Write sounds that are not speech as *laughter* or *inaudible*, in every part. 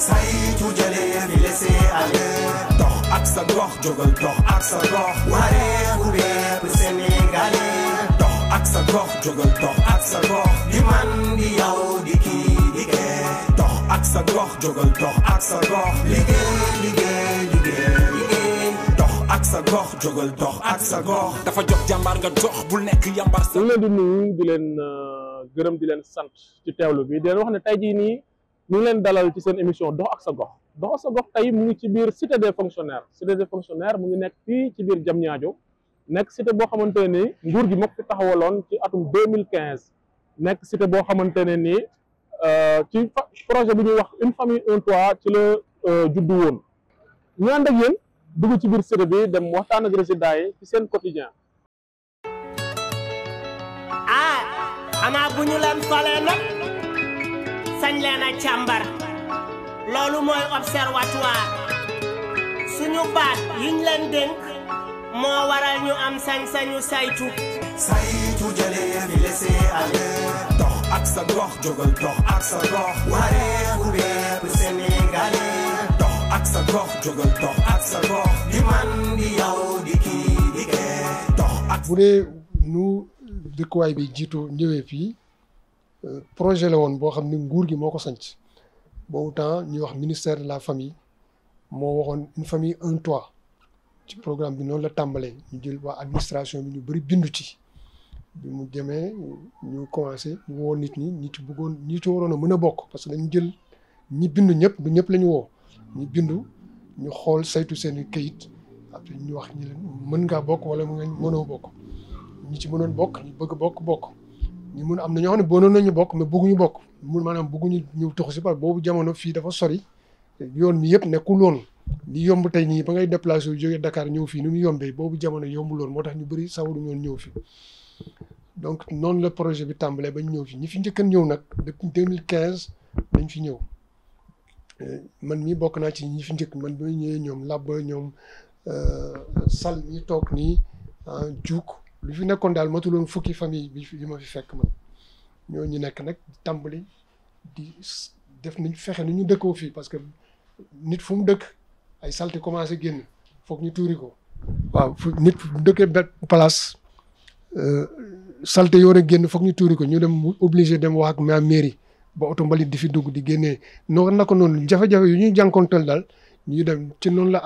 saytu jëlee fi laisser aller dox ak sa gox jógal dox ak sa gox wareeku bépp sénégalais dox ak sa gox jógal dox ak sa gox di man di yow di kii di kee dox ak sa gox jógal dox ak sa gox liggéey liggéey liggéey ak sa gox jógal dox ak sa gox dafa jox jàmbaar nga dox bul nekk yàmbaar sa. ñu leen di nuyu di leen euh, gërëm di leen sant ci teewlu bi di leen wax ne tey jii nii ñu leen dalal ci seen émission dox ak sa gox dox sa gox tey mu ngi ci biir cité de fonctionnaires cité des fonctionnaires mu ngi nekk fii ci biir Diamniadio nekk cité boo xamante ne nii nguur gi moo fi taxawaloon ci atum 2015 nekk cité boo xamante ne nii euh, ci projet bu ñuy wax une famille un toit ci la euh, juddu woon ñu ànd ak yéen dugg ci biir cité bi dem waxtaan ak résidents yi ci seen quotidien ah xanaa bu ñu leen falee nag sañ leen a càmbar loolu mooy observatoire suñu baat yiñ leen dénk moo waral ñu am sañ-sañu saytu saytu jëlee fi laisser aller dox ak sa gox jógal dox ak sa gox wareeku bépp sénégalais dox ak sa gox jógal dox ak sa gox di man di yow di kii dox ak bu dee nu dëkkuwaay bi jiitu ñëwee fii projet la woon boo xam ni nguur gi moo ko sanc boobu temps ñuy wax ministère de la famille moo waxoon une famille un toit ci programme bi noonu la tàmbalee ñu jël waa administration bi ñu bëri bindu ci bi mu demee ñu commencé ñu woo nit ñi ñi ci bëggoon ñi ci waroon a mën a bokk parce que dañu jël ñi bindu ñëpp du ñëpp la ñu woo ñu bindu ñu xool saytu seen i kayit après ñu wax ñi leen mën ngaa bokk wala mu ngeen mënoo bokk ñi ci mënoon bokk ñu bëgg bokk bokk ñu mun am na ñoo xam ne bëggoon ñu bokk mais bëgguñu bokk mun maanaam bëgguñu ñu toxu si parce que boobu jamono fii dafa sori yoon mi yëpp nekkul woon li yomb tey nii ba ngay déplacé wu jógee Dakar ñëw fii ni mu yombee boobu jamono yombul woon moo tax ñu bëri sawaru ñoon ñëw fi noonu la projet bi tàmbalee ba ñu ñëw fi ñi fi njëkkan ñëw nag depuis 2015 dañ fi ñëw eh, man mii bokk naa ci ñu fi njëkk man ba ñëwee ñoom làbba ñoom euh, sal ñi toog nii juuk ah, lu fi nekkoon daal matuloon fukki famille bi fi ma fi fekk man ñoo ñu nekk nag tàmbali di def nañ fexe ni ñu dëkkoo fii parce que nit fu mu dëkk ay salté commencé génn foog ñu tuuri ko waaw fu nit fu mu dëkkee benn place euh, salté yoo rek génn foog ñu tuuri ko ñu dem obligé dem wax ak ma mairie ba oto mbalit di fi dugg di génnee noonu na ko noonu jafe-jafe yu ñuy jànkonteel daal ñu dem ci la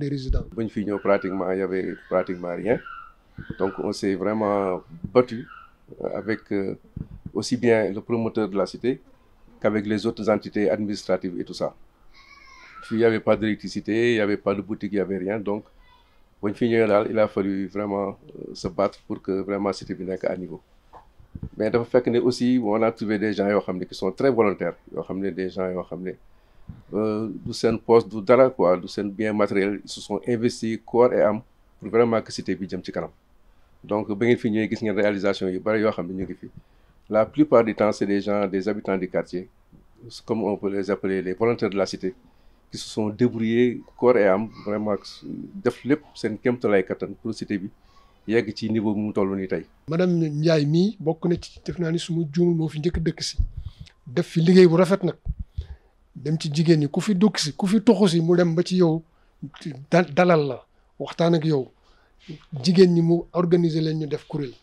des résidents. Il fi pratiquement avait pratiquement rien donc on s'est vraiment battu euh, avec euh, aussi bien le promoteur de la cité qu'avec les autres entités administratives et tout ça. Il n'y avait pas d'électricité, il n'y avait pas de boutique, il n'y avait rien. Donc, pour il a fallu vraiment euh, se battre pour que vraiment c'était bien à niveau. Mais aussi, on a trouvé des gens qui sont très volontaires, des gens euh, du seen poste du dara quoi du bien matériel ils se sont investis corps et âme pour vraiment que cité bi jëm ci kanam donc ba ngeen fi ñëwee gis ngeen réalisation yu bari yo xam ñu ngi fi la plupart du temps c'est des gens des habitants du quartier comme on peut les appeler les volontaires de la cité qui se sont débrouillés corps et âme vraiment def lépp seen kéemtalaay kattan pour cité bi yegg ci niveau mu tollu ni tay madame Ndiaye mi bokku na ci def naa ni su ma juumul moo fi ñëk dëkk ci def fi liggéey bu rafet nak dem ci jigéen ñi ku fi dukk si ku fi tuxu si mu dem ba ci yow dalal la waxtaan ak yow jigéen ñi mu organiser leen ñu def kuréel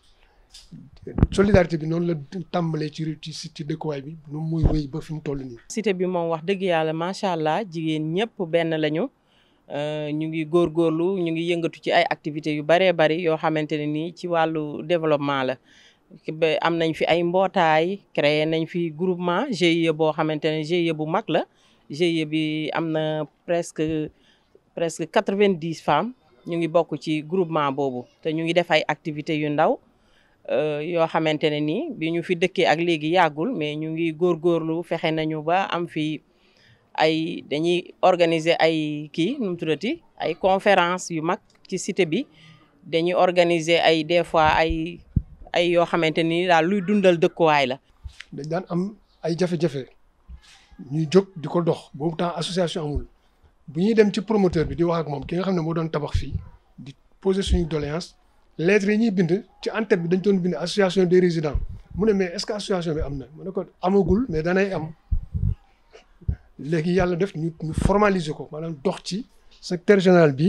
solidarité bi noonu la tàmbalee ci ci ci dëkkuwaay bi moom muy wéy ba fi mu toll nii. cité bi moom wax dëgg yàlla macha allah jigéen ñëpp benn lañu euh, ñu ngi góorgóorlu ñu ngi yëngatu ci ay activités yu baree bari yoo xamante ne nii ci wàllu développement la. am nañ fi ay mbootaay créer nañ fi groupement GIE boo xamante ne GIE bu mag la GIE bi am na presque presque quatre-vingt-dix femmes ñu ngi bokk ci groupement boobu te ñu ngi def ay activités yu ndaw euh, yoo xamante ne nii bi ñu fi dëkkee ak léegi yàggul mais ñu ngi góorgóorlu fexe nañu ba am fi ay dañuy organiser ay kii nu mu ay conférence yu mag ci cité bi dañuy organiser ay des fois ay ay yoo xamante ni daal luy dundal dëkkuwaay la. dañ daan am ay jafe-jafe ñuy jóg di ko dox boobu temps association amul bu ñuy dem ci promoteur bi di wax ak moom ki nga xam ne moo doon tabax fii di poser suñu doléance lettre yi ñuy bind ci entête bi dañ doon bind association des résident mu ne mais est que association bi am na mu ne ko amagul mais danay am léegi yàlla def ñu ñu formaliser ko maanaam dox ci secteur général bi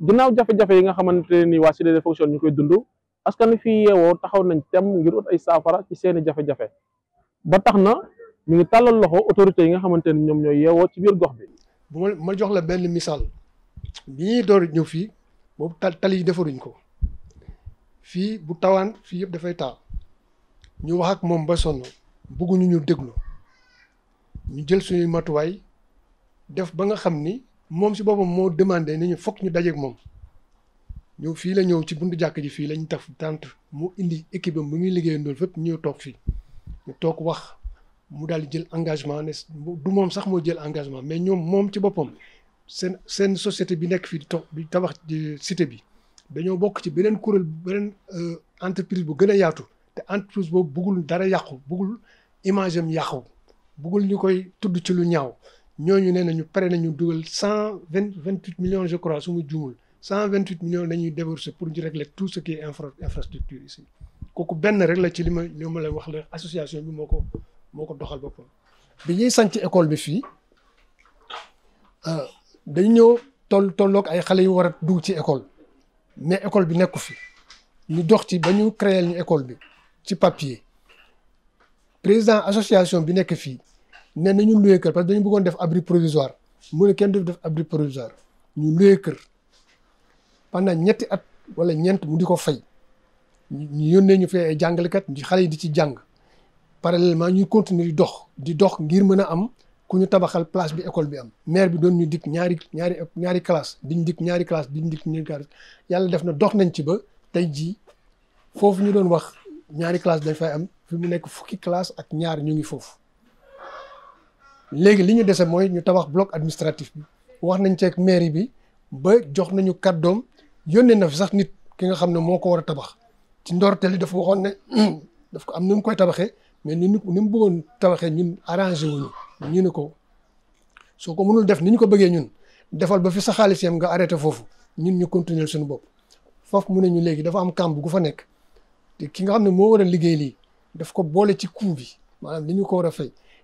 ginnaaw jafe-jafe yi nga xamante ni waa cité de fonction ñu koy dund askan wi fii yeewoo taxaw nañ tem ngir ut ay saafara ci seeni jafe-jafe ba tax na mu ngi tàllal loxo autorités yi nga xamante ni ñoom ñooy yeewoo ci biir gox bi. bu ma jox la benn misaal bi ñuy door ñëw fii boobu tal yi defaruñ ko fii bu tawaan fii yëpp dafay taa ñu wax ak moom ba sonn bëgguñu ñu déglu ñu jël suñuy matuwaay def ba nga xam ni. moom si boppam moo demandé ni ñu foog ñu dajeeg moom ñëw fii la ñëw ci buntu jàkk ji fii la ñu fu tant mu indi équipe am bu muy liggéeyandoo fépp ñëw toog fii ñu toog wax mu daal di jël engagement ne du moom sax moo jël engagement mais ñoom moom ci boppam seen seen société bi nekk fii di to di tabax cité bi dañoo bokk ci beneen kuréel beneen euh, entreprise bu gën a yaatu te entreprise boobu buggul dara yàqu buggul image am yàqu bëggul ñu koy tudd ci lu ñaaw ñooñu nee nañu pare nañu dugal cent vingt millions je crois su ma juumul millions la ñuy débourser pour ñu régler tout ce qui est infra infrastructure ici koku benn rek la ci li ma li lay wax la association bi moko moko doxal boppam. bi ñi sant ci école bi fi euh ah, dañ ñëw toll tolloog ay xalé yu wara a ci école mais école bi nekku fi ñu dox ci bañu créer ñu école bi ci papier président association bi nekk fi ne na ñu loué kër parce que dañu bëggoon def abri provisoire mu ne kenn du def abri provisoire ñu loué kër pendant ñetti at wala ñeent mu di ko fay ñu yónnee ñu fee ay jàngalekat xale yi di ci jàng parallèlement ñuy continuer di dox di dox ngir mën a am ku ñu tabaxal place bi école bi am maire bi doon ñu dikk ñaari ñaari ñaari classe diñ dikk ñaari classe ñu dikk ñaari classe yàlla def na dox nañ ci ba tey jii foofu ñu doon wax ñaari classe dañ fay am fi mu nekk fukki classe ak ñaar ñu ngi foofu léegi li ñu dese mooy ñu tabax bloc administratif bi wax nañ ceeg mairie bi ba jox nañu kàddoom yónnee na fi sax nit ki nga xam ne moo ko war a tabax ci ndorteel li dafa waxoon ne *clears throat* daf am ni mu koy tabaxee mais ni ni mu bëggoon tabaxee ñun arrangé wuñu ñu ne ko soo ko mënul def ni ñu ko bëggee ñun defal ba fi sa xaalis nga arrêté foofu ñun ñu continuer suñu bopp foofu mu ne ñu léegi dafa am kàmb gu fa nekk te ki nga xam ne moo war a liggéey lii daf ko boole ci coût bi maanaam li ñu ko war a fay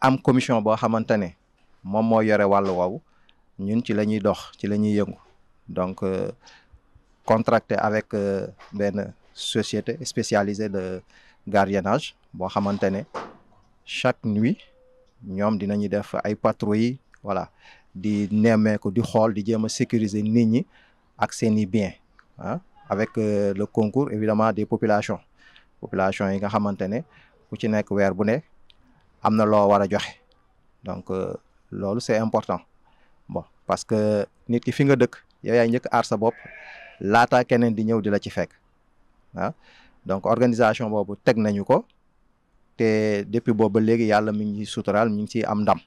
am commission bo xamantane mom mo yoré yore wàllu ñun ci lañuy dox ci lañuy ñuy yëngu donc euh, contracté avec ben société spécialisée de gardiennage bo xamantane chaque nuit ñom dinañu def ay patrouilles voilà di ko di xol di jéem sécuriser nit ñi ak seen bien hein, avec euh, le concours évidemment des populations populations yi nga xamante ku ci nek weer bu ne am na loo war a joxe donc euh, loolu c'est important bon parce que nit ki fi nga dëkk yow yaay njëkk aar sa bopp laataa keneen di ñëw di la ci fekk ah donc organisation boobu teg nañu ko te depuis boobu ba léegi yàlla mi ngi suturaal mi ngi ciy am ndam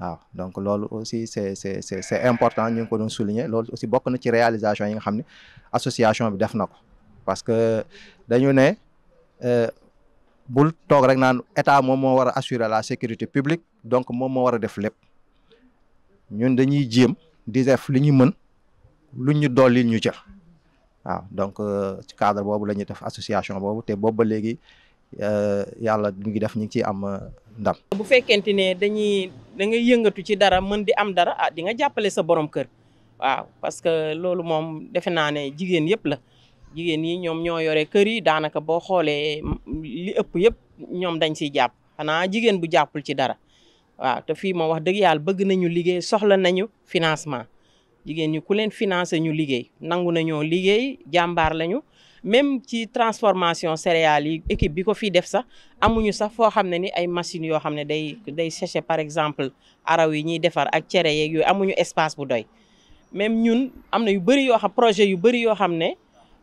waaw donc loolu aussi c'est c'est c'est c'est important ñu ngi ko doon souligner loolu aussi bokk na ci réalisation yi nga xam ne association bi def na ko parce que dañu ne euh, bul toog rek naan état moom moo war a assurer la sécurité publique donc moom moo war a def lépp ñun dañuy jéem di def lu ñu mën lu ñu dolli ñu ca waaw donc euh, ci cadre boobu la ñuy def association boobu te boobu ba léegi euh, yàlla ñu ngi def ñu ngi ciy am euh, ndam. bu fekkente ne dañuy da nga yëngatu ci dara mën di am dara ah di nga jàppale sa borom kër waaw parce que loolu moom defe naa ne jigéen yëpp la. jigéen yi ñoom ñoo yore kër yi daanaka boo xoolee li ëpp yëpp ñoom dañ siy jàpp xanaa jigéen bu jàppul ci dara waaw te fii moom wax dëgg yàlla bëgg nañu liggéey soxla nañu financement jigéen ñi ku leen financé ñu liggéey nangu nañoo liggéey jàmbaar lañu même ci transformation céréales yi équipe bi ko fii def sax amuñu sax foo xam ne ni ay machines yoo xam ne day day séché par exemple araw yi ñuy defar ak cere yeeg yooyu amuñu espace bu doy même ñun am na yu bëri yoo yu bëri yoo xam ne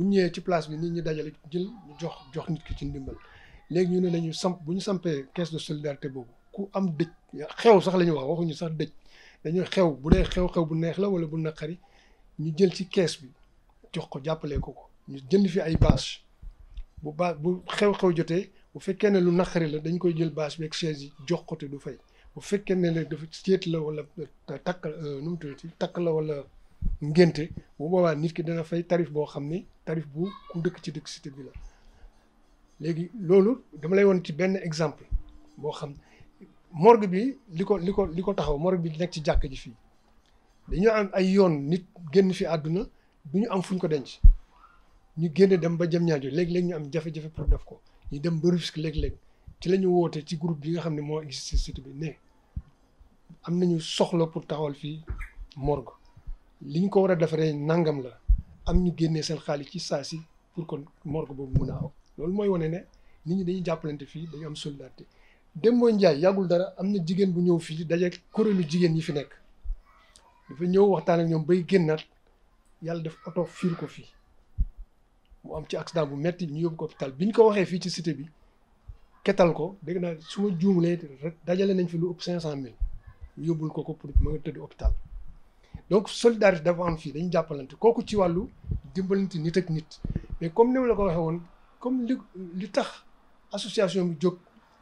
bu ñëwee ci place bi nit ñi dajale jël jox jox nit ki ci ndimbal léegi ñu ne la ñu samp bu ñu sampee caisse de solidarité boobu ku am dëj xew sax lañu ñu wax waxuñu sax dëj dañuy xew bu dee xew-xew bu neex la wala bu naqari ñu jël ci kees bi jox ko jàppalee ko ko ñu jënd fi ay bâche bu baax bu xew-xew jotee bu fekkee ne lu naqari la dañ koy jël bâche bi ak chaise yi jox ko te du fay bu fekkee ne dafa seet la wala takk euh, nu mu tuddati takk la wala ngénte bu boobaa nit ki dana fay tarif boo xam ni tarif bu ku dëkk ci dëkk cité bi la léegi loolu dama lay woon ci benn exemple boo xam morgue bi li ko li ko li ko taxaw morgue bi nekk ci jàkk ji fii dañoo am ay yoon nit génn fi àdduna du am fuñ ko denc ñu génne dem ba jëm ñaajo léeg-léeg ñu am jafe-jafe def ko ñu dem ba risque léeg-léeg ci la ñu woote ci groupe bi nga xam ne moo existe ci bi ne am nañu soxla pour taxawal fii morgue li ñu ko war a defaree nangam la am ñu génnee seen xaalis ci saa si pour kon morgue boobu mun a aw loolu mooy wane ne nit ñi dañuy jàppalante fii dañu am solidarité dem mooy njaay yàggul dara am na jigéen bu ñëw fii daje kuréelu jigéen yi fi nekk dafa ñëw waxtaan ak ñoom bay génnaat yàlla def oto fiir ko fii mu am ci accident bu metti ñu yóbbu ko hôpital bi ñu ko waxee fii ci cité bi ketal ko dégg naa su ma rek dajale nañ fi lu ëpp cinq cent mille yóbbul ko ko pour mu nga tëdd hôpital donc solidarité dafa am fii dañu jàppalante kooku ci wàllu dimbalante nit ak nit mais comme ni la ko waxee woon comme li li tax association bi jóg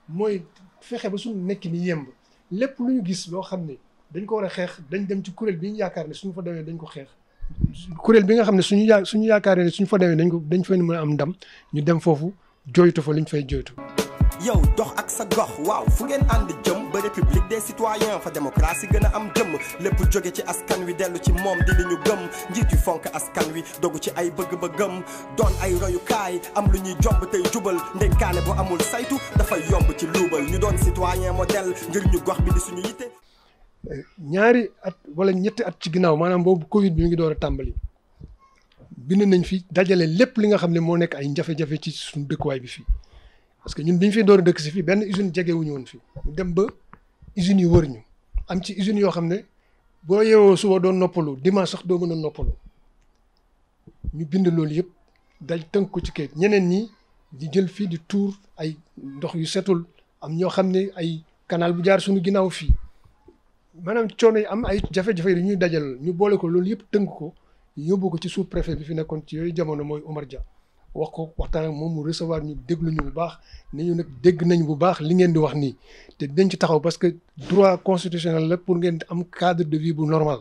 mooy fexe ba su nekk ni yemb lépp lu ñu gis loo xam ne dañ ko war a xeex dañ dem ci kuréel bi ñu yaakaar ne su suñu fa demee dañ ko xeex kuréel bi nga xam ne yaa suñu yaakaaree ne suñu fa demee dañ ko dañ fa mën a am ndam ñu dem foofu jooytu fa liñ fay jooytu yow dox ak sa gox waaw fu ngeen ànd jëm ba république des citoyens fa démocratie gën a am jëm lépp jóge ci askan wi dellu ci moom di li ñu gëm njiit yu fonk askan wi dogu ci ay bëgg-bëggam doon ay royukaay am lu ñuy jomb tey jubal ndenkaane bu amul saytu dafay yomb ci luubal ñu doon citoyen modèle ngir ñu gox bi di suñu yitte ñaari at walla ñetti at ci ginnaaw maanaam boobu Covid bi mi ngi door a tàmbali bind nañ fi dajale lépp li nga xam ne moo nekk ay jafe ci suñu dëkkuwaay bi fii parce que ñun bi ñu fiy door a dëkk si fii benn usine jegewuñu woon fii ñu dem ba usines yi wër ñu am ci usines yoo xam ne boo yeewoo suba doo noppalu dimanche sax doo mën a noppalu ñu bind loolu yëpp dal tënk ko ci kayit ñeneen ñi di jël fii di tuur ay ndox yu setul am ñoo xam ne ay canal bu jaar suñu ginnaaw fii maanaam coono yi am ay jafe-jafe yi ñuy dajal ñu boole ko loolu yëpp tënk ko yóbbu ko ci sous préfet bi fi nekkoon ci yooyu jamono mooy Omar Dia wax ko waxtaan ak moom mu recevoir ñu déglu ñu bu baax ne ñu nag dégg nañ bu baax li ngeen di wax nii te dinañ ci taxaw parce que droit constitutionnel la pour ngeen am cadre de vie bu normal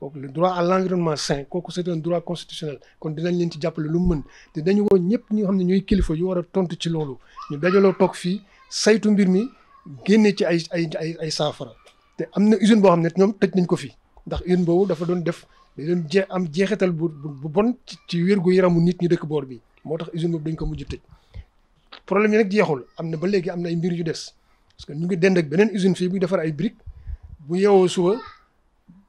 kooku le droit à l'environnement sain kooku c'est un droit constitutionnel kon dinañ leen ci jàppale lu mu mën te dañu woo ñëpp ñu nga xam ne ñooy kilifa yu war a tontu ci loolu ñu dajaloo toog fii saytu mbir mi génne ci ay ay ay ay saafara te am na usine boo xam ne ñoom tëj nañ ko fii ndax usine boobu dafa doon def da doon jee am jeexital bu bu bon ci wér yaramu nit ñu dëkk boor bi moo tax usine boobu dañ ko mujj tëj problème yi nag jeexul am na ba léegi am na ay mbir yu des parce que ñu ngi dend ak beneen usine fii bu defar ay briques bu yeewoo suba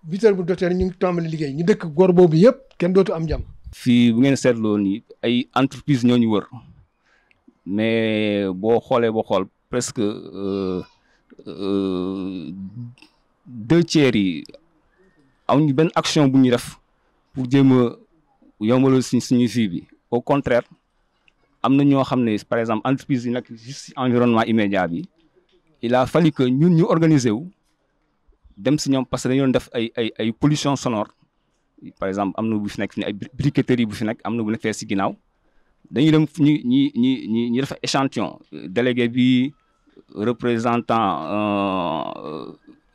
huit heures bu doteer ñu ngi tàmbali liggéey ñu dëkk góor boobu yëpp kenn dootu am jam fii bu ngeen seetloo nii ay entreprise ñoo ñu wër mais boo xoolee boo xool presque euh, euh, deux tiers yi amuñu benn action bu ñu def pour jéem a yombalal suñ suñuy fii bi. au contraire am na ñoo xam ne par exemple entreprise yi nag juste environnement immédiat bi il a fallu que ñun ñu organiser wu dem si ñoom parce que dañu def ay ay ay pollution sonore par exemple am na bu fi nekk ay briqueterie bu fi nekk am na bu nekk fee si ginnaaw dañu dem ñu ñi ñi ñi ñu def échantillon délégué bi représentant euh,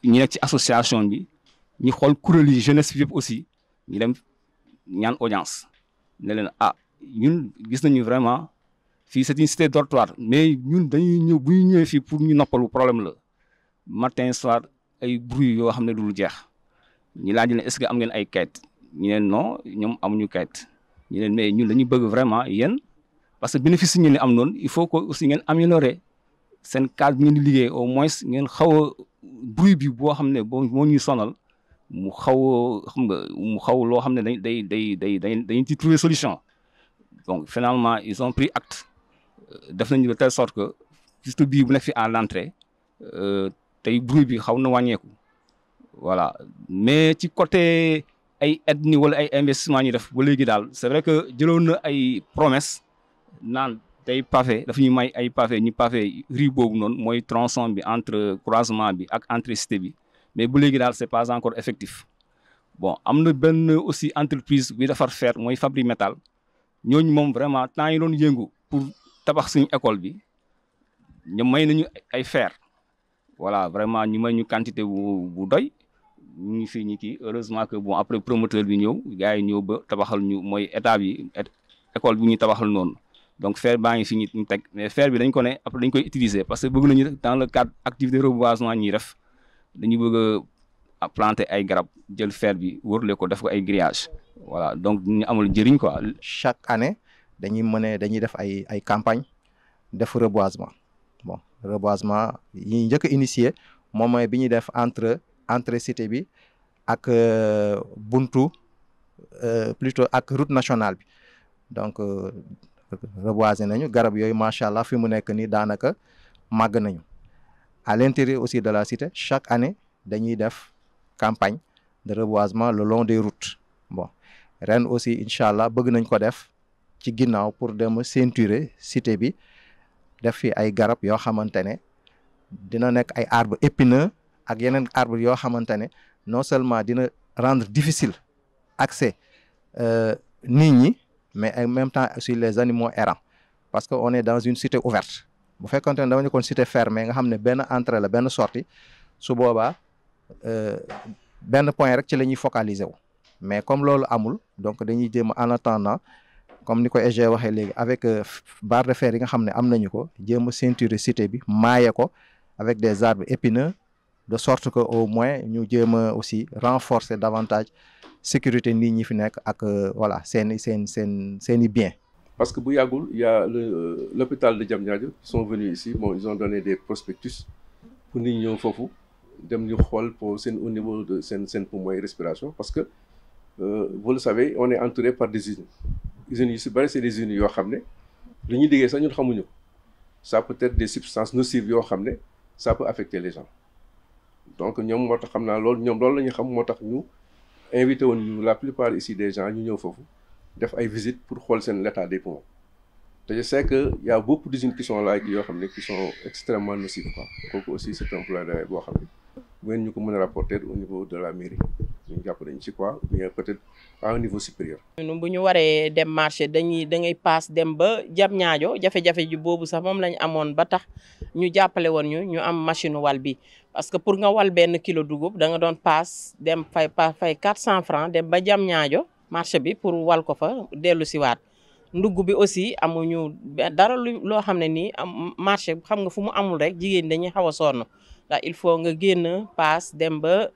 ñi nekk ci association bi ñi xool kuréel yi jeunesse bi yëpp aussi ñu dem ñaan audience ne leen ah ñun gis nañu vraiment fii c'est une cité dortoir mais ñun dañuy ñëw bu ñëwee fii pour ñu noppalu problème la matin soir ay bruit yoo xam ne du lu jeex ñu laaj leen est-ce que am ngeen ay kayit ñu neen ñoom amuñu kayit ñu neen mais ñun dañuy bëgg vraiment yéen parce que bénéfice yi ngeen am noon il faut que aussi ngeen am améliorer seen cadre bi ngeen liggéey au moins ngeen xaw a bruit bi boo xam ne boo moo ñuy sonal mu xaw xam nga mu xaw loo xam ne dañ day day day dañ dañu ci trouver solution donc finalement ils ont pris acte euh, def nañu de telle sorte que juste bii bu nekk fi à l'entrée euh, tay bruit bi xawna na voilà mais ci côté ay aide ni wala ay investissement ñu def ba légui dal, c'est vrai que jëloon na ay promesse nan tay pavé fait. ñu may ay pavé ñu pavé rue boobu non moy tronçon bi entre croisement bi ak entrée cité bi mais ba légui dal c'est pas encore effectif bon amna ben aussi entreprise bi dafar faire moy Fabri Métal ñooñu moom vraiment temps yi doon yëngu pour tabax suñu école bi ñu may nañu ay fer voilà vraiment ñu may ñu quantité bu bu doy ñu fi ñu kii heureusement que bon après promoteur bi ñëw gars yi ñëw ba tabaxal ñu mooy état bi école bi ñu tabaxal noonu donc fer baa ngi fi ñu teg mais fer bi dañ ko ne après dañ koy utiliser parce que bëgg nañu dans le cadre activité reboisement ñuy def dañu bëgg planté ay garab jël fer bi wourlé ko def ko ay grillage voilà donc ñu amul jëriñ quoi. chaque année dañuy mën dañuy def ay ay campagne def reboisement bon reboisement yi ñëk a initié moom mooy bi ñuy def entre entre cité bi ak euh, buntu euh plutôt ak route nationale bi donc euh, reboiser nañu garab yoy machallah fi mu nek ni danaka mag nañu à l'intérieur aussi de la cité chaque année dañuy def campagne de reboisement le long des routes bon ren aussi inchallah allah bëgg nañ ko def ci ginnaw pour dem ceinturer cité bi def fi ay garab yo xamante dina nek ay arbre épineux ak yenen arbre yo xamante non seulement dina rendre difficile accès euh, nit ñi mais en même temps aussi les animaux errants parce qu'on est dans une cité ouverte bu on est dans une cité fermée nga xamné ben entrée la ben sortie su boba ben point rek ci lañuy focaliser mais comme lolu amul donc dañuy jéem en attendant comme ni EG waxé légui avec euh, barre de fer yi nga xamné amnañu ko cité bi mayé ko avec des arbres épineux de sorte que au moins ñu jéem aussi renforcer davantage sécurité nit ñi fi nek ak euh, voilà sen sen sen bien parce que bu il y a l'hôpital de Diamniadio qui sont venus ici bon ils ont donné des prospectus pour nit ñi fofu dem ñu xol pour au niveau de sen sen pour respiration parce que euh, vous le savez on est entouré par des usines usines yu si bari c'est des usines yoo xam ne li ñuy liggéey sax ñun xamuñu ça peut être des substances nocives yoo xam ça peut affecter les gens donc nous moo tax xam naa loolu ñoom la xam moo ñu invité la plupart ici des gens ñu ñëw foofu def ay visites pour xool seen l'état des poumons te je sais que y a beaucoup d'usines qui sont là yoo xam ne qui sont extrêmement nocives quoi kooku aussi c'est un problème boo xam bu ngeen ñu la mairie ñu bu ñu waree dem marché dañuy da ngay paas dem ba jam ñaajo jafe-jafe ji boobu sax moom lañu amoon ba tax ñu jàppale woon ñu ñu am machine wal bi parce que pour nga wal benn kilo dugub da nga doon paas dem fay pa fay 400 francs dem ba jam ñaajo marché bi pour wal ko fa dellu siwaat ndugg bi aussi amuñu dara lu loo xam ne nii am marché xam nga fu mu amul rek jigéen dañuy xaw a sonn. ndax il faut nga génn paas dem ba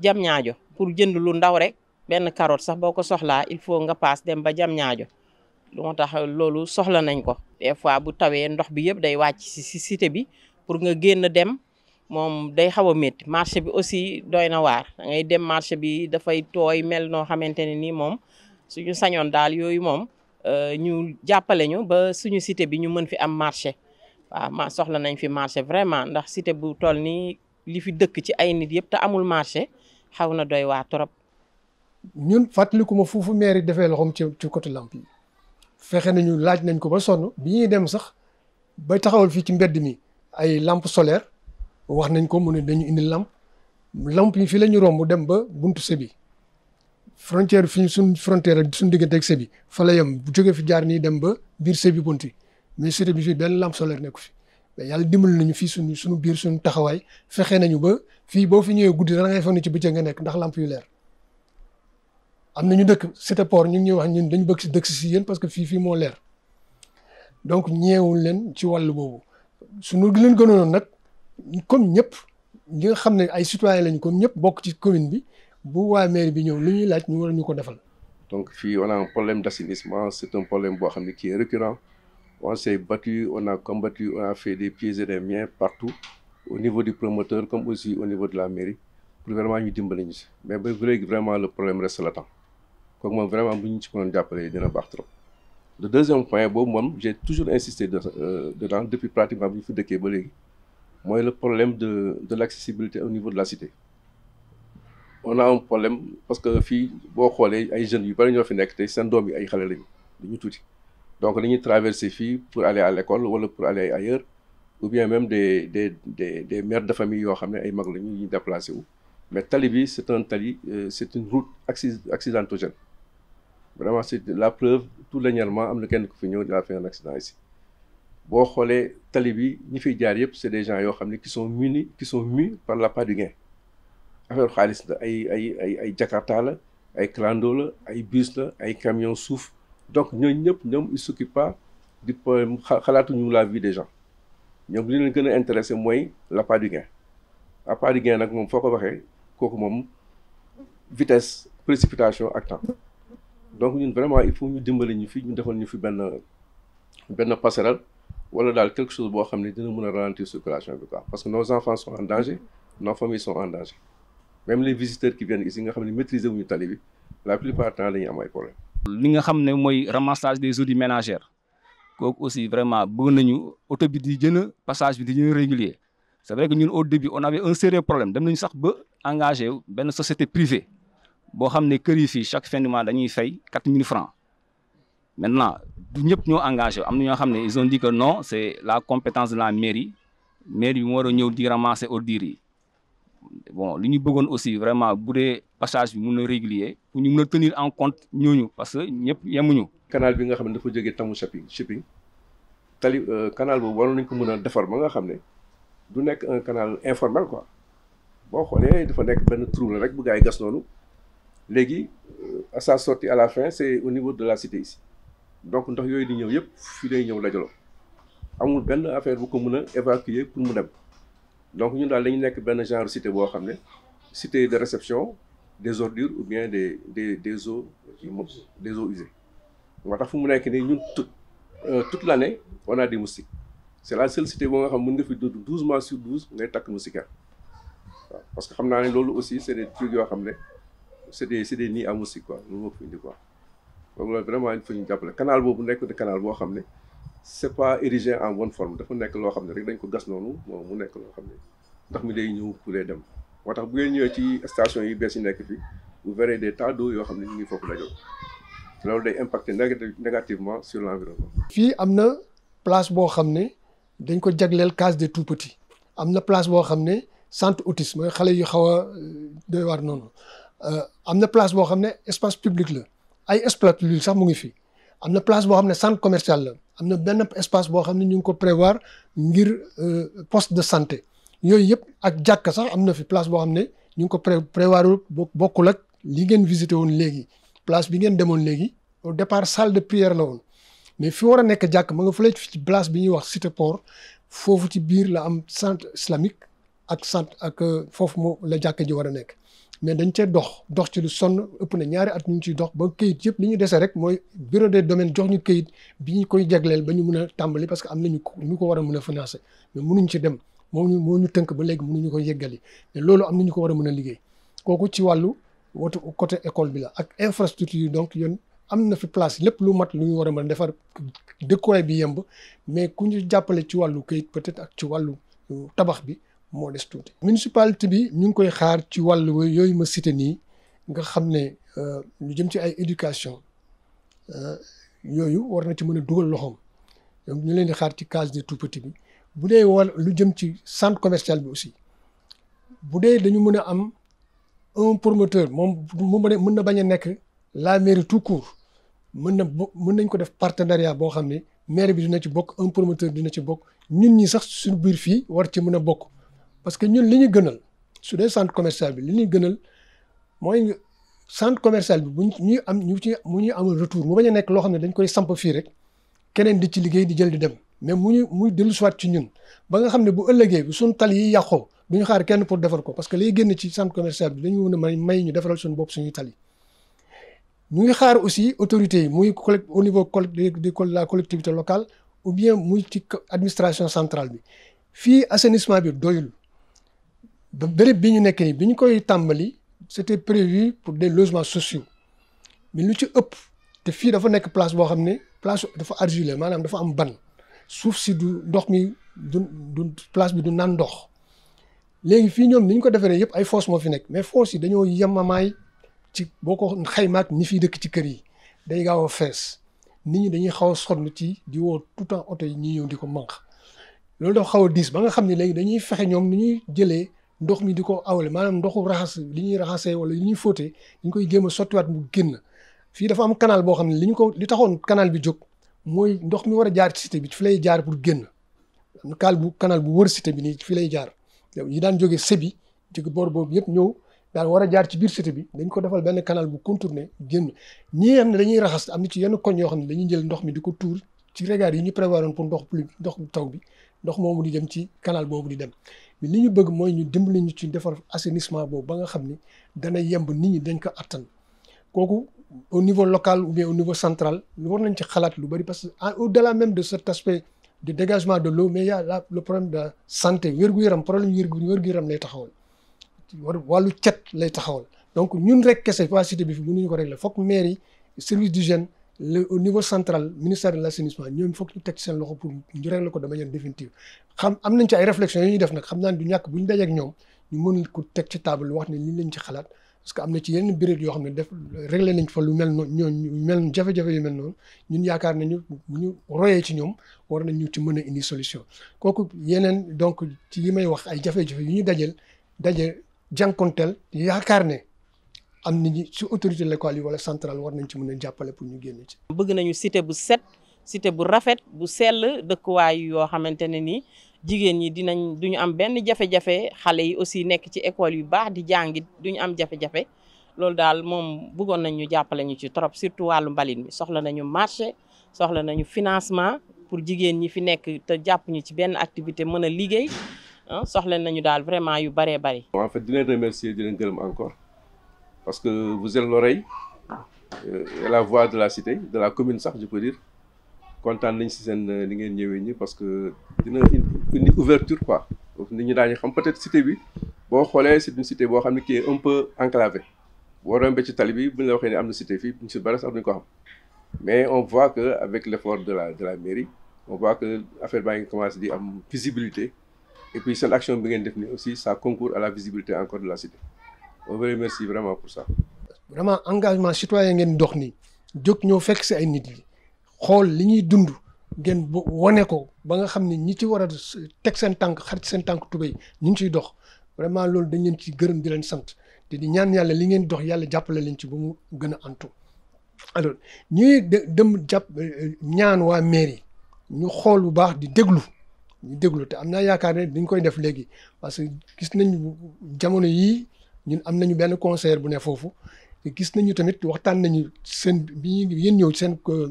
jam ñaajo pour jënd lu ndaw rek benn carotte sax boo ko soxlaa il faut nga paas dem ba jam ñaajo lu moo tax loolu soxla nañ ko des fois bu tawee ndox bi yëpp day wàcc si si cité bi pour nga génn dem moom day xaw a métti marché bi aussi doy na waar da ngay dem marché bi dafay tooy mel noo xamante ne nii moom suñu sañoon daal yooyu moom euh, ñu jàppale ñu ba suñu cité bi ñu mën fi am marché waaw ah, ma soxla nañ fi marché vraiment ndax cité bu toll nii li fi dëkk ci ay nit yëpp te amul marché xaw na doy waa trop. ñun fàttaliku ma foofu mairie defee loxoom ci ci côté lamp yi fexe nañu laaj nañ ko ba sonn bi ñuy dem sax ba taxawul fii ci mbedd mi ay làmp solaire wax nañ ko mu ne dañu indi lamp lamp yi fii la ñu romb dem ba buntu Sébi frontière fi suñ frontière ak suñ diggante ak Sébi fa la yem bu jógee fi jaar nii dem ba biir Sébi bunti mais cité bi fii benn lampe solaire nekk fi yàlla dimbali nañu fii suñu suñu biir suñu taxawaay fexe nañu ba fii boo fi ñëwee guddi dana ngay foog ni ci bëccëg nga nekk ndax lampe yu leer am na ñu dëkk cité port ñu ngi ñuy wax ñun dañu bëgg si dëkk si yéen parce que fii fii moo leer donc ñeewul leen ci wàll boobu suñu leen gënoon nag comme ñëpp ñi xam ne ay citoyen lañu comme ñëpp bokk ci commune bi bu waa mairie bi ñëw lu ñuy laaj ñu war ñu ko defal. donc fii on a un problème d'assainissement c'est boo xam ne qui est On s'est battu, on a combattu, on a fait des pieds et des miens partout, au niveau du promoteur comme aussi au niveau de la mairie, pour vraiment nous dimbali Mais vraiment le problème reste là-dedans. Donc moi vraiment bu ñu ci mënoon jàppale dina trop. Le deuxième point moi j'ai toujours insisté euh, dedans depuis pratiquement le que fi dëkkee moi le problème de l'accessibilité au niveau de la cité. on a un problème parce que il y a ay jeunes yu bari ñoo fi nekk te seen doom yi ay xale lañu dañu donc traversent ces filles pour aller à l'école ou pour aller ailleurs ou bien même des mères de famille qui ont ay mag déplacé mais Talibi, c'est un euh, c'est une route accidentogène vraiment c'est la preuve tout dernièrement am na kenn fi fait un accident ici boo les talibi ni c'est des gens qui sont munis qui sont mus par l'appât du gain affaire xaalis ay jakarta la ay clando bus la ay camion donc nous ne nous occupons pas du problème la vie des gens Nous li nous nous a la mooy l'appât du gain part du gain nag moom foo ko waxee kooku vitesse précipitation ak temps donc nous, vraiment il faut ñu dimbali ñu fi ñu defal ñu fi une passerelle ou dans quelque chose boo nous ne dina la circulation parce que nos enfants sont en danger nos familles sont en danger même les visiteurs qui viennent ici nga devons maîtriser wuñu tali bi la plupart temps y a des problèmes li nga xam ne ramassage des eaux ménagères Donc aussi vraiment bëgg nañu autobus di passage bi régulier C'est vrai que ñun au début on avait un sérieux problème nous nañu sax ba engagé une société privée Nous avons fait chaque fin de mois dañuy fay quatre mille francs maintenant nous avons ñoo engagé nous ils ont dit que non c'est la compétence de la mairie mairie bi moo war a ñëw di ramasser ordures yi bon li ñu aussi vraiment le passage bi régulier pour ñu mën tenir en compte ñooñu parce que ñëpp yemuñu. canal bi nga xamné dafa jëgé tamu shipping shipping tali euh, canal boobu waru ñu ko mëna défar ba nga xamné du nekk un canal informel quoi bo xolé dafa nekk ben trou la rek bu gars gas nonu légui euh, à sa sortie à la fin c'est au niveau de la cité ici donc ndox yoy di ñëw yépp fi day ñëw dajaloo amul ben affaire bu ko mëna évacuer pour mu dem donc ñun dal dañu nekk ben genre cité bo xamné cité de réception des ordures ou bien des des des eaux des eaux usées moo tax fu mu nekk nii ñun toute euh, toute l'année on a des moustiques c'est est la seule cité boo nga xam mën nga fi dund douze mois sur douze ngay takk moustiquaire parce que xam naa ne aussi c'est des trucs yoo xam c'est c' des c' des nids à moustiques quoi nous moo ko quoi donc loolu vraiment il faut ñu jàppale canal boobu nekk de canal boo xam c'est pas érigé en bonne forme dafa nekk loo xam ne rek dañ ko gas noonu moom mu nekk loo xam ne ndox mi day ñëw pour dem moo bu ngeen ñëwee ci station yi bees yi nekk fi vous verrez des tas d'eau yoo xam ne ñu ngi foofu la jóg loolu day impacter négativement sur l'environnement. fii am na place boo xam ne dañ ko jagleel case de tout petit am na place boo xam ne centre autisme mooy xale yu xaw a euh, doy waar noonu euh, am na place boo xam ne espace public la ay espace sax mu ngi fi am na place boo xam ne centre commercial la am na benn espace boo xam ne ñu ngi ko prévoir ngir euh, poste de santé. yooyu yëpp ak jàkka sax am na fi place boo xam ne ñu ngi ko pré prévoir bokkul ak li ngeen visité woon léegi place bi ngeen demoon léegi au départ salle de prière la woon mais fi war a nekk jàkk ma nga fële ci place bi ñuy wax cité port foofu ci biir la am centre islamique ak centre ak euh, foofu la jàkk ji war a nekk mais dañ cee dox dox ci lu sonn ëpp na at ñu ciy dox ba këyit yëpp li ñu dese rek mooy bureau des jox ñu këyit bi ñu koy jagleel ba ñu mun a tàmbali parce que am na ñu ko war a mun a financer mais munuñ ci dem moo ñu moo ñu tënk ba léegi mënuñu ko yeggali te loolu am na ñu ko war a mën a liggéey kooku ci wàllu wotu côté école bi la ak infrastructure yi donc yoon am na fi place lépp lu mat lu ñu war a mën a defar dëkkuwaay bi yemb mais ku ñu jàppale ci wàllu kayit peut-être ak ci wàllu euh, tabax bi moo des tuuti. municipalité bi ñu ngi koy xaar ci wàllu yooyu ma site nii nga xam ne euh, ñu jëm ci ay éducation euh, yooyu war na ci mën a dugal loxoom ñu leen di xaar ci case des tout-petits bi. bu dee wala lu jëm ci centre commercial bi aussi bu dee dañu mën a am un promoteur moom mu mën na bañ a nekk laa mairie tout court mën na mën nañ ko def partenariat boo xam ne maire bi dina ci bokk un promoteur dina ci bokk ñun ñi sax suñu biir fii war ci mën a bokk parce que ñun li ñu gënal su dee centre commercial bi li ñuy gënal mooy centre commercial bi bu ñu am ñu ci mu ñu am retour mu bañ a nekk loo xam ne dañ koy samp fii rek keneen di ci liggéey di jël di dem mais mu ñu muy dellu soit ci ñun ba nga xam ne bu ëllëgee bu suñ tali yi yàqoo du ñu xaar kenn pour defar ko parce que lay génn ci centre commercial bi dañu mën a may may ñu defaral suñu bopp suñuy tali ñu xaar aussi autorité muy au niveau de la collectivité locale ou bien muy ci administration centrale bi fii assainissement bi doyul ba béréb bi ñu nekk nii bi ñu koy tàmbali c'était prévu pour des logements sociaux mais lu ci ëpp te fi dafa nekk place boo xam ne place dafa argileux maanaam dafa am ban suuf si du ndox mi du du bi du naan ndox léegi fii ñoom ni ñu ko defaree yëpp ay fosse moo fi nekk mais fosse yi dañoo yemamaay ci boo ko xaymaak ñi fiy dëkk ci kër yi day gaaw a fees nit ñi dañuy xaw a sonn ci di woo tout temps oto yi ñuy di ko manq loolu dafa xaw a diis ba nga xam ne léegi dañuy fexe ñoom ni ñuy jëlee ndox mi di ko awale maanaam ndoxu raxas li ñuy raxasee wala li ñuy fóotee ñu koy jéem a sottiwaat bu génn fii dafa am canal boo xam ne li ñu ko li taxoon canal bi jóg mooy ndox mi war a jaar ci cité bi fi lay jaar pour génn kaal bu kanaal bu wër cité bi nii fi lay jaar yi daan jógee sebi jóge boor boobu yëpp ñëw daal war a jaar ci biir cité bi dañ ko defal benn canal bu contourné génn ñii xam ne dañuy raxas am na ci yenn koñ yoo xam ne dañuy jël ndox mi di ko tuur ci regard yi ñu prévoir woon pour ndox pluie taw bi ndox moomu di dem ci canal boobu di dem mais li ñu bëgg mooy ñu dimbali ñu ci defar assainissement boobu ba nga xam ni dana yemb nit ñi dañ ko attan kooku au niveau local ou bien au niveau central war nañ ci chaleur, lu bari parce que ah, au-delà même de cet aspect de dégagement de l'eau mais il y a là le problème de santé wér problème wér-gu-yaram lay taxawal war wàllu cet lay taxawal donc ñun rek kese waa cité bi fi mënuñu ko régler foog maire yi service d'hygiène le au niveau central ministère de l'assainissement ñoom faut que teg seen loxo pour ñu régler ko de manière définitive xam am nañ ci ay réflexions yu ñuy def action xam naa du ñàkk bu ñu dajeek ñoom ñu mën ko teg ci table wax ne lii lañ ci parce que am na ci yenn béréb yoo xam ne def réglé nañ fa lu mel noonu ñooñu mel jafe-jafe yu mel noonu ñun yaakaar nañu ñu royee ci ñoom war nañ ñu ci mën a indi solution kooku yeneen donc ci li may wax ay jafe yu ñu dajeel daje jànkonteel yaakaar ne am nañu ci autorité locale yi wala centrale war nañ ci mën a jàppale pour ñu génn ci. bëgg nañu cité bu set cité bu rafet bu sell dëkkuwaay yoo xamante ne nii. jigen ñi dinañ duñu am benn jafé jafé xalé yi aussi nek ci école yu baax di jangit duñu am jafé jafé loolu dal mom bëggon nañ ñu jàppale ñu ci trop surtout walu mbaline mi soxla nañu marché soxla nañu financement pour jigen ñi fi nek te japp ñu ci benn activité mëna liggéey hein soxla nañu dal vraiment yu bëree bëri. en fait di leen remercier di leen gërëm encore parce que vous êtes l'oreille euh, et la voix de la cité de la commune sax je peux dire. Je nañ ci sen li euh, ngeen ñëwé ñi parce que dina une ouverture quoi nit ñi dañu xam peut-être cité bi bo xolé c'est une cité bo xamni qui est un peu enclavée boo rombee ci tali bi buñ la waxé ni amna cité fi buñ ci baras am ko xam mais on voit que avec l'effort de la de la mairie on voit que affaire baa à commencé di am visibilité et puis cette action bi ngeen def ni aussi ça concourt à la visibilité encore de la cité on vous remercie vraiment pour ça. vraiment engagement citoyen ngeen dox ni jóg ñoo fekk ci ay nit yi. xool li ñuy dund ngeen wane ko ba nga xam ne ñi ci war a teg seen tànk xar ci seen tànk tubéy ñu ngi ciy dox vraiment loolu dañ leen ci gërëm di leen sant te di ñaan yàlla li ngeen dox yàlla jàppale leen ci ba mu gën a antu alors ñuy dem jàpp euh, ñaan waa mairie ñu xool bu baax di déglu déglu te am naa yaakaar ne dañ koy def léegi parce que gis nañu jamono yii ñun am nañu benn concert bu ne foofu te gis nañu tamit waxtaan nañu seen bi yéen ñëw seen euh,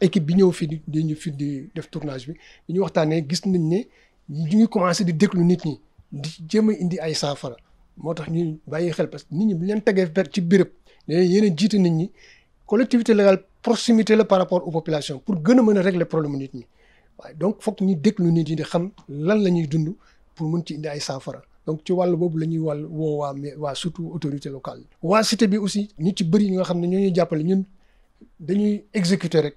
équipe bi ñëw fi di ñu fi di def tournage bi di ñu waxtaanee gis nañ ne ñu ngi commencé di déglu nit ñi di jéem a indi ay saafara moo tax ñu bàyyi xel parce que nit ñi bu leen tegee ci béréb léeg yéen a jiite nit ñi collectivité locale proximité la par rapport aux population pour gën a mën a régler problème nit ñi waaye donc foog ñu déglu nit ñi di xam lan la ñuy dund pour mun ci indi ay saafara donc ci wàll boobu la ñuy wàll woo waa mais waa surtout autorité locale waa cité bi aussi ñu ci bëri ñi nga xam ne ñoo ñuy jàppale ñun dañuy exécuter rek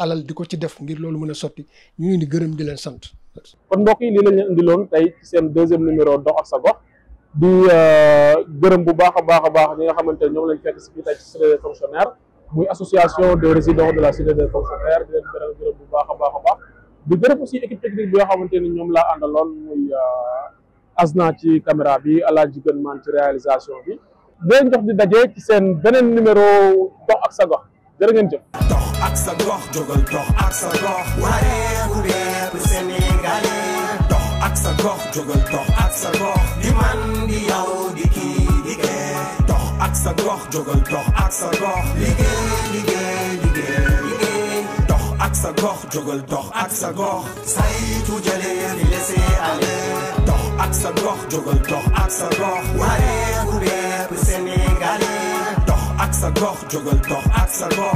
alal di ko ci def ngir loolu mën a sotti ñu ngi di gërëm di leen sant. kon mbokk yi lii la ñu indiloon tey ci seen deuxième numéro dox ak sa gox di euh, gërëm bu baax a baax a baax ñi nga xamante ne ñoom lañ fekk si fii tey muy association de résidents de la cité des fonctionnaires di gërëm gërëm bu baax a baax di gërëm aussi équipe technique bi nga xamante ni ñoom laa àndaloon muy euh, asna ci caméra bi alaa jigéen man ci réalisation bi leen jox di daje ci seen beneen numéro dox ak sa gox jërë ngeen jëf ak sa gox jógal dox ak sa gox. wareeku bépp sénégalais. dox ak sa gox jógal dox ak sa gox. di man di yow di kii di kee. dox ak sa gox jógal dox ak sa gox. liggéey liggéey liggéey liggéey. dox ak sa gox jógal dox ak sa gox. saytu jëlee di laisser aller. dox ak sa gox jógal dox ak sa gox. wareeku bépp sénégalais. dox ak sa gox jógal dox ak sa gox.